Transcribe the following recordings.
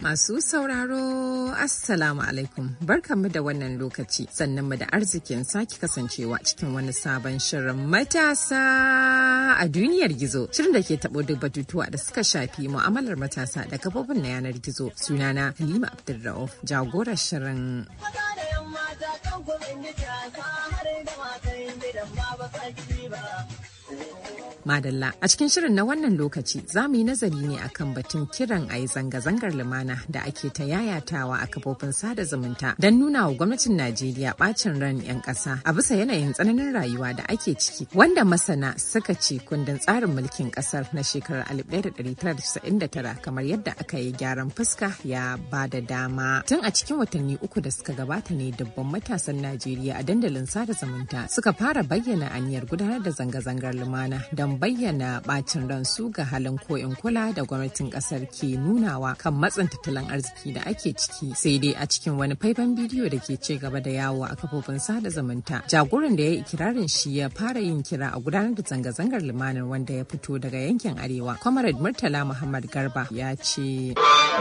Masu sauraro, Assalamu alaikum, barkanmu da wannan lokaci, sannan mu da arzikin sake kasancewa cikin wani sabon shirin matasa a duniyar gizo. Shirin da ke taɓo duk batutuwa da suka shafi mu'amalar matasa da kafofin na yanar gizo. Sunana Halima Abdulrauf, jagorar shirin. gurin gita ka har da matan gidan ba ba ka ba. Madalla a cikin shirin na wannan lokaci za mu yi nazari ne akan batun kiran a yi zanga-zangar lumana da ake ta yayatawa a kafofin sada zumunta don nuna wa gwamnatin Najeriya bacin ran 'yan ƙasa a bisa yanayin tsananin rayuwa da ake ciki wanda masana suka ce kundin tsarin mulkin ƙasar na shekarar 1999 kamar yadda aka yi gyaran fuska ya ba da dama. Tun a cikin watanni uku da suka gabata ne dubban matasan Najeriya a dandalin sada zumunta suka fara bayyana aniyar gudanar da zanga-zangar lumana don bayyana bacin ransu ga halin koyin kula da gwamnatin kasar ke nunawa kan matsin tattalin arziki da ake ciki sai dai a cikin wani faifan bidiyo da ke ci gaba da yawo a kafofin sada zumunta jagoran da ya yi ikirarin shi ya fara yin kira a gudanar da zanga-zangar lumanar wanda ya fito daga yankin arewa comrade murtala muhammad garba ya ce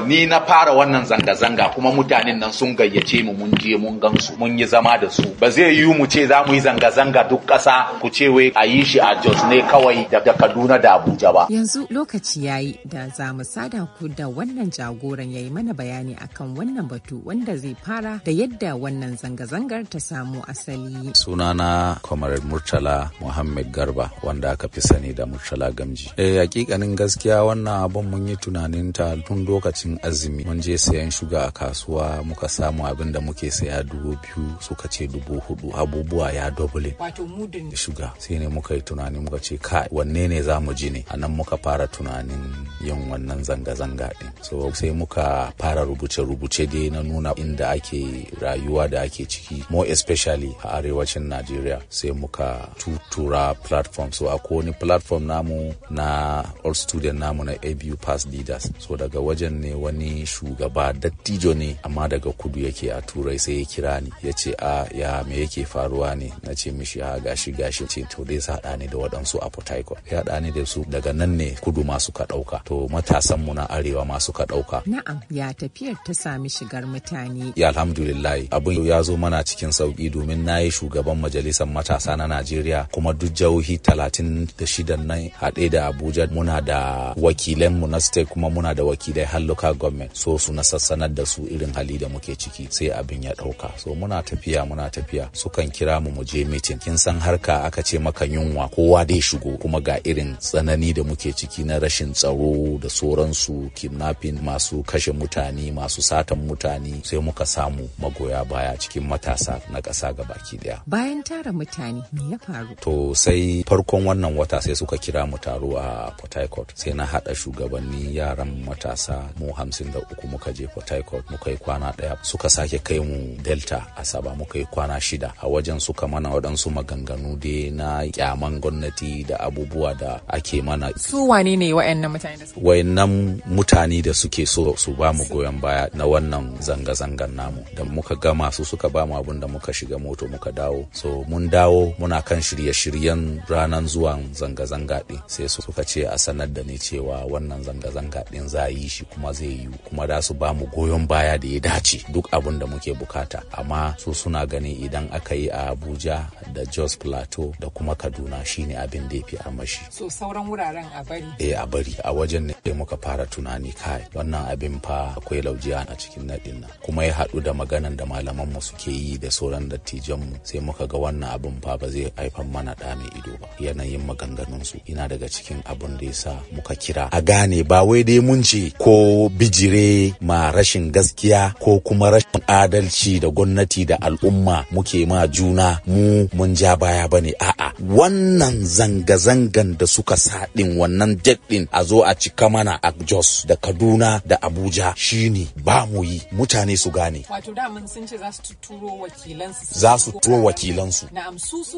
ni na fara wannan zanga-zanga kuma mutanen nan sun gayyace mu mun je mun gansu mun yi zama da su ba zai yiwu mu ce za mu yi zanga-zanga duk ƙasa ku ce wai a yi shi a Jos ne kawai da Kaduna da Abuja ba. Yanzu lokaci ya yi da za mu sada ku da wannan jagoran ya yi mana bayani akan wannan batu wanda zai fara da yadda wannan zanga-zangar ta samu asali. Sunana kamar Murtala Muhammad Garba wanda aka fi sani da Murtala Gamji. Eh hakikanin gaskiya wannan abun mun yi tunanin ta tun lokacin azumi mun je sayan shuga a kasuwa muka samu abin da muke saya dubu biyu suka ce dubu hudu abubuwa ya dubule. Wato mudin. Shuga sai ne muka yi tunanin tunani muka ce ka wanne ne za mu ji ne a nan muka fara tunanin yin wannan zanga-zanga din so sai muka fara rubuce-rubuce dai na nuna inda ake rayuwa da ake ciki more especially a arewacin Najeriya sai muka tutura platform so a kowane platform namu na all student namu na ABU past leaders so daga wajen ne wani shugaba dattijo ne amma daga kudu yake a turai sai ya kira ni ya ce a ah, ya me yake faruwa ne na ce mishi a ah, gashi gashi ce to dai sa ne da waɗansu a Port Harcourt ya ɗani da su daga nan ne kudu masu ka ɗauka to matasan mu na arewa masu ka ɗauka. Na'am ya tafiyar ta sami shigar mutane. Ya alhamdulillah abin ya zo mana cikin sauki domin na yi shugaban majalisar matasa na Najeriya kuma duk jihohi talatin da shidan nan haɗe da Abuja muna da wakilan mu na state kuma muna da wakilai har local government so su na sassanar da su irin hali da muke ciki sai abin ya ɗauka so muna tafiya muna tafiya sukan kira mu mu je mitin kin san harka aka ce maka yunwa kowa kowa dai shigo kuma ga irin tsanani da muke ciki na rashin tsaro da sauransu kidnapping masu kashe mutane masu satan mutane sai muka samu magoya baya cikin matasa na ƙasa baki daya bayan tara mutane me ya faru to sai farkon wannan wata sai suka kira mu taro a port harcourt sai na haɗa shugabanni yaran matasa mu hamsin da uku muka je port harcourt muka yi kwana ɗaya suka sake kai mu delta asaba muka yi kwana shida a wajen suka mana waɗansu maganganu dai na kyaman gwamnati gwamnati da abubuwa da ake mana su wane ne wayannan mutane da wayannan mutane da suke so su ba mu goyon baya na wannan zanga-zangan namu da muka gama su suka ba mu abin da muka shiga moto muka dawo so mun dawo muna kan shirye-shiryen ranar zuwan zanga-zanga ɗin sai suka ce a sanar da ni cewa wannan zanga-zanga ɗin za yi shi kuma zai yi kuma da su ba mu goyon baya da ya dace duk abun da muke bukata amma su suna gani idan aka yi a abuja da jos plateau da kuma kaduna shine ne abin da ya fi armashi. So sauran wuraren a bari? Eh a bari a wajen ne muka fara tunani kai wannan abin fa akwai laujiya a cikin naɗin nan kuma ya haɗu da maganan da malaman mu suke yi da sauran dattijan mu sai muka ga wannan abin fa ba zai haifar mana ɗa mai ido ba yanayin maganganun su ina daga cikin abin da ya sa muka kira a gane ba wai dai mun ce ko bijire ma rashin gaskiya ko kuma rashin adalci da gwamnati da al'umma muke ma juna mu mun ja baya bane a'a wannan zanga-zangan da suka saɗin wannan jet ɗin a zo a cika mana a Jos da Kaduna da Abuja shine ba mu yi mutane su gane. Wato da mun sun ce za su turo wakilansu. Za su turo wakilansu. Na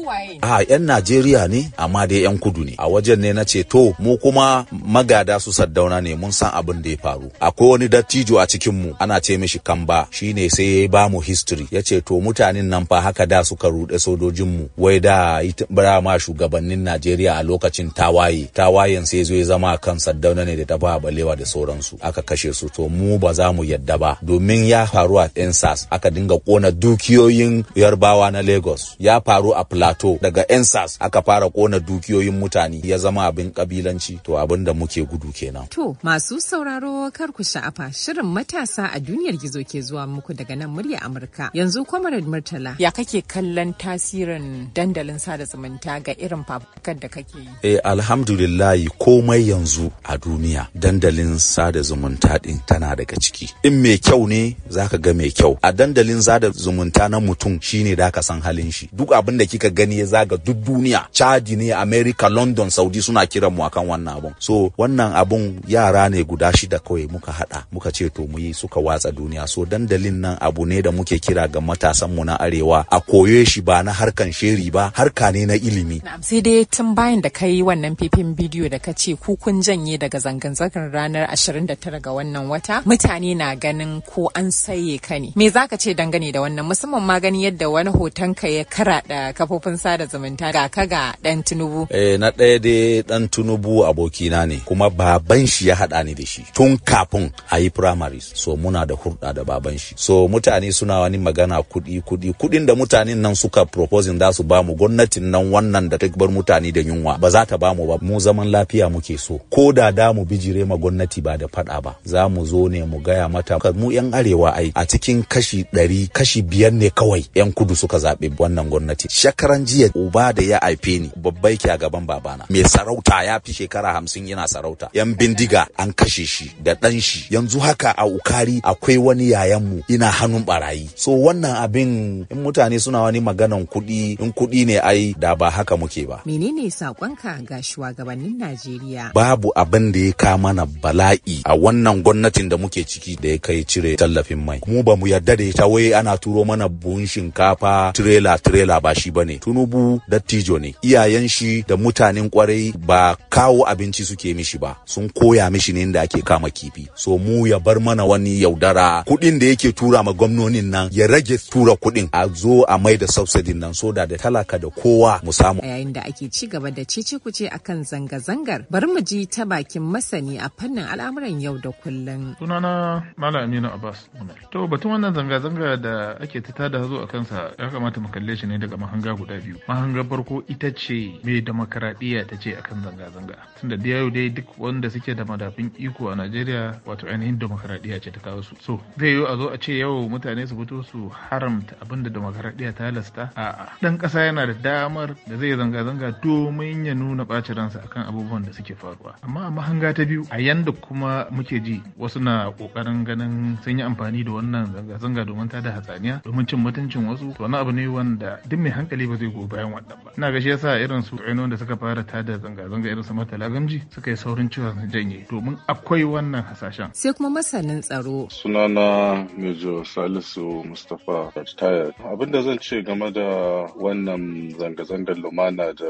waye? A yan Najeriya ne amma dai yan kudu ne. A wajen ne na ce to mu kuma magada su saddauna ne mun san abin da ya faru. Akwai wani dattijo a cikin mu ana ce mishi kamba shine sai ya ba mu history ya ce to mutanen nan fa haka da suka ruɗe sojojin mu wai da takura ma shugabannin Najeriya a lokacin tawaye tawayen sai zo ya zama kan Saddauna ne da ta ba balewa da sauransu aka kashe su to mu ba za mu yadda ba domin ya faru a Ensas aka dinga kona dukiyoyin Yarbawa na Lagos ya faru a Plateau daga Ensas aka fara kona dukiyoyin mutane ya zama abin kabilanci to abin da muke gudu kenan to masu sauraro kar ku sha'afa shirin matasa a duniyar gizo ke zuwa muku daga nan murya Amurka yanzu Comrade Murtala ya kake kallon tasirin dandalin sada zumunta mahukunta ga irin fafukan da kake yi? Eh alhamdulillah komai yanzu a duniya dandalin sada zumunta din tana daga ciki. In mai kyau ne zaka ga mai kyau. A dandalin sada zumunta na mutum shine da ka san halin shi. Duk abin da kika gani ya zaga duk duniya. Chadi ne, America, London, Saudi suna kiran mu akan wannan abun. So wannan abun yara ne guda shida kawai muka hada muka ce to mu yi suka watsa duniya. So dandalin nan abu ne da muke kira ga matasan mu na arewa a koye shi ba na harkan sheri ba harka ne na ilimi. sai dai tun bayan da ka yi wannan fifin bidiyo da ka ce ku kun janye daga zanga-zangar ranar 29 ga wannan wata mutane na ganin ko an saye ka ne. Me za ka ce dangane da wannan musamman ma gani yadda wani hoton ka ya da kafofin sada zumunta ga ka ga dan Tinubu. Eh na ɗaya dai ɗan Tinubu abokina ne kuma baban shi ya haɗa ni da shi tun kafin a yi primaries so muna da hurɗa da baban shi. So mutane suna wani magana kuɗi kuɗi kuɗin da mutanen nan suka proposing za su ba mu gwamnatin nan wannan da ta bar mutane da yunwa ba za ta bamu ba mu zaman lafiya muke so ko da da mu bijire ma gwamnati ba da fada ba za mu zo ne mu gaya mata Ka mu yan arewa ai a cikin kashi ɗari kashi biyar ne kawai yan kudu suka zaɓi wannan gwamnati shekaran jiya uba da ya haife ni babbai ke a gaban babana mai sarauta ya fi shekara hamsin yana sarauta yan bindiga an kashe shi da ɗan shi yanzu haka a ukari akwai wani yayan mu. ina hannun barayi so wannan abin in mutane suna wani maganan kuɗi in kuɗi ne ai da ba ba haka muke ba. Menene sakonka ga shugabannin Najeriya? Babu abin da ya kama na bala'i a wannan gwamnatin da muke ciki da ya kai cire tallafin mai. Mu ba mu yarda da ita wai ana turo mana buhun shinkafa tirela tirela ba shi bane. Tunubu dattijo ne. Iyayen shi da mutanen kwarai ba kawo abinci suke mishi ba. Sun koya mishi ne da ake kama kifi. So mu ya bar mana wani yaudara kuɗin da yake tura ma gwamnonin nan ya rage tura kuɗin a zo a mai da subsidy nan so da talaka da kowa mu samu. Yayin da ake ci gaba da cece-kuce kan zanga-zangar bari mu ji ta bakin masani a fannin al'amuran yau da kullum. Sunana Malam Aminu Abbas. To batun wannan zanga-zanga da ake ta tada hazo a kansa ya kamata mu kalle shi ne daga mahanga guda biyu. Mahanga farko ita ce me demokaradiyya ta ce akan zanga-zanga. Tunda da yau dai duk wanda suke da madafin iko a Najeriya wato ainihin demokaradiyya ce ta kawo su. So zai yiwu a zo a ce yau mutane su fito su haramta abin da demokaradiyya ta halasta. A'a dan ƙasa yana da damar da zai zanga-zanga domin ya nuna ɓacin ransa akan abubuwan da suke faruwa amma a mahanga ta biyu a yanda kuma muke ji wasu na ƙoƙarin ganin sun yi amfani da wannan zanga-zanga domin tada hatsaniya domin cin mutuncin wasu to wani abu ne wanda duk mai hankali ba zai go bayan wannan ba ina ga shi yasa irin su ainihin da suka fara tada zanga-zanga irin su matala gamji suka yi saurin cewa su janye domin akwai wannan hasashen sai kuma masanin tsaro sunana Mejo Salisu Mustapha Taya abinda zan ce game da wannan zanga-zanga lumana da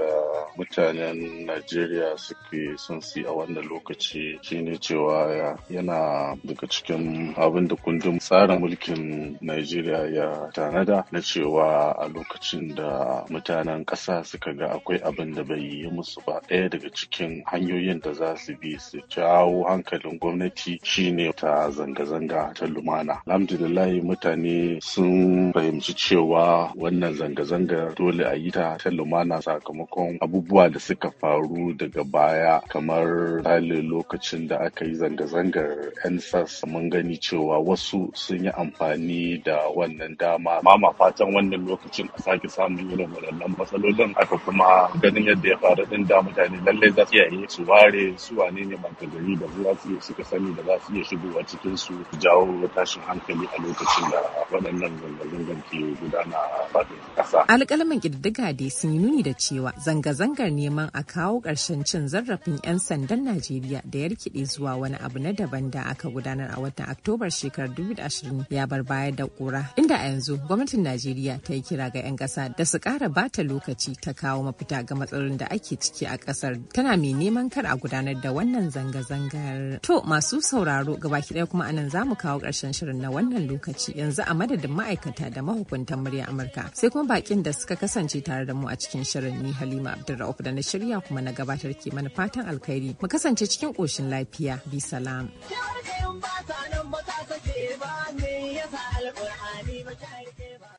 mutanen Najeriya suke son si a wannan lokaci shine cewa yana daga cikin abin da kundin tsarin mulkin Najeriya ya tanada na cewa a lokacin da mutanen ƙasa suka ga akwai abin da bai yi musu ba ɗaya daga cikin hanyoyin da za su bi su jawo hankalin gwamnati shine ta zanga-zanga ta lumana. Alhamdulillahi mutane sun fahimci cewa wannan zanga zanga dole a yi ta ta lumana sakamakon abubuwa da suka faru daga baya kamar tali lokacin da aka yi zanga-zangar 'yan mun gani cewa wasu sun yi amfani da wannan dama mama fatan wannan lokacin a sake samun irin waɗannan matsalolin aka kuma ganin yadda ya faru din da mutane lallai za su iya eh, su ware su wane ne gari da za su iya suka sani da za su iya shigowa cikin su jawo tashin hankali a lokacin da waɗannan zanga-zangar ke gudana a faɗin ƙasa. alƙalaman ƙididdiga dai sun mai nuni da cewa zanga-zangar neman a kawo ƙarshen cin zarafin 'yan sandan Najeriya da ya rikide zuwa wani abu na daban da aka gudanar a watan Oktobar shekarar 2020 ya bar baya da ƙura. Inda a yanzu gwamnatin Najeriya ta yi kira ga 'yan ƙasa da su ƙara bata lokaci ta kawo mafita ga matsalolin da ake ciki a kasar tana mai neman kar a gudanar da wannan zanga-zangar. To masu sauraro gabaki ɗaya kuma anan za mu kawo ƙarshen shirin na wannan lokaci yanzu a madadin ma'aikata da mahukuntan murya Amurka sai kuma bakin da suka kasance tare da mu a cikin shirin ni Halima Abdulrauf da na shirya kuma na gabatar ke mana fatan alkhairi. Mu kasance cikin koshin lafiya. Bi salam.